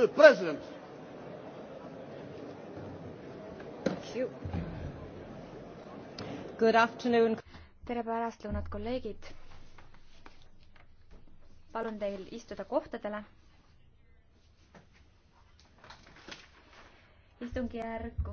the president. Thank you. Good afternoon. tere pärastlõunat, kolleegid. palun teil istuda kohtadele. istungijärk